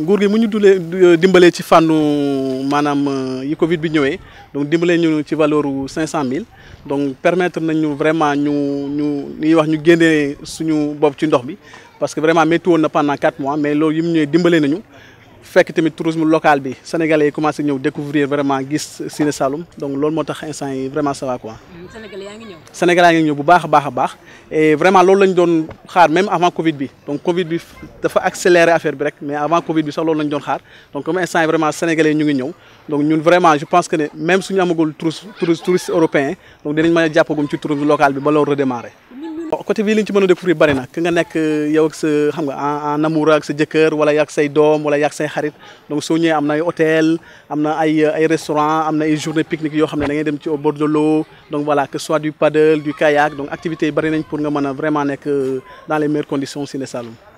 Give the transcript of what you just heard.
nguur gi mu ñu dule euh, dimbale ci fànnu maanaam euh, yi Covid bi ñëwee donc dimbalee ñu ci valeur bu 500000 donc permettre nañu vraiment ñu ñu ñuy wax ñu génnee ñu bopp ci ndox bi parce que vraiment métti woon na pendant 4 mois mais loolu yi mu ñëwee dimbalee nañu. fekk tamit tourisme local bi sénégalais yi commencé ñëw découvrir vraiment gis Sine Saloum donc loolu moo tax instant yi vraiment ça va quoi. Mm, sénégalais yaa ngi ñëw. sénégalais yaa ngi ñëw bu baax a baax a baax et vraiment loolu lañ doon xaar même avant Covid bi donc Covid bi dafa accéléré affaire bi rek mais avant Covid bi sax loolu lañ doon xaar donc comme instant yi vraiment sénégalais ñu ngi ñëw donc ñun vraiment je pense que ne même suñu amagul touriste touriste européen donc dinañ mën a jàppagum ci tourisme local bi ba loolu redémarrer côté bii liñ ci mëna découvrir bari na ki nga nekk euh, yow ak xam nga en amour ak sa jëkkër wala yak say dom wala yak say xarit donc soo ñëwee am ay hôtel amna ay euh, ay restaurant amna ay journée pique-nique yo xamné da ngay dem ci au bord de l'eau donc voilà que soit du paddle du kayak donc activités bari nañ pour nga mëna vraiment nek euh, dans les meilleures conditions ci les Saloum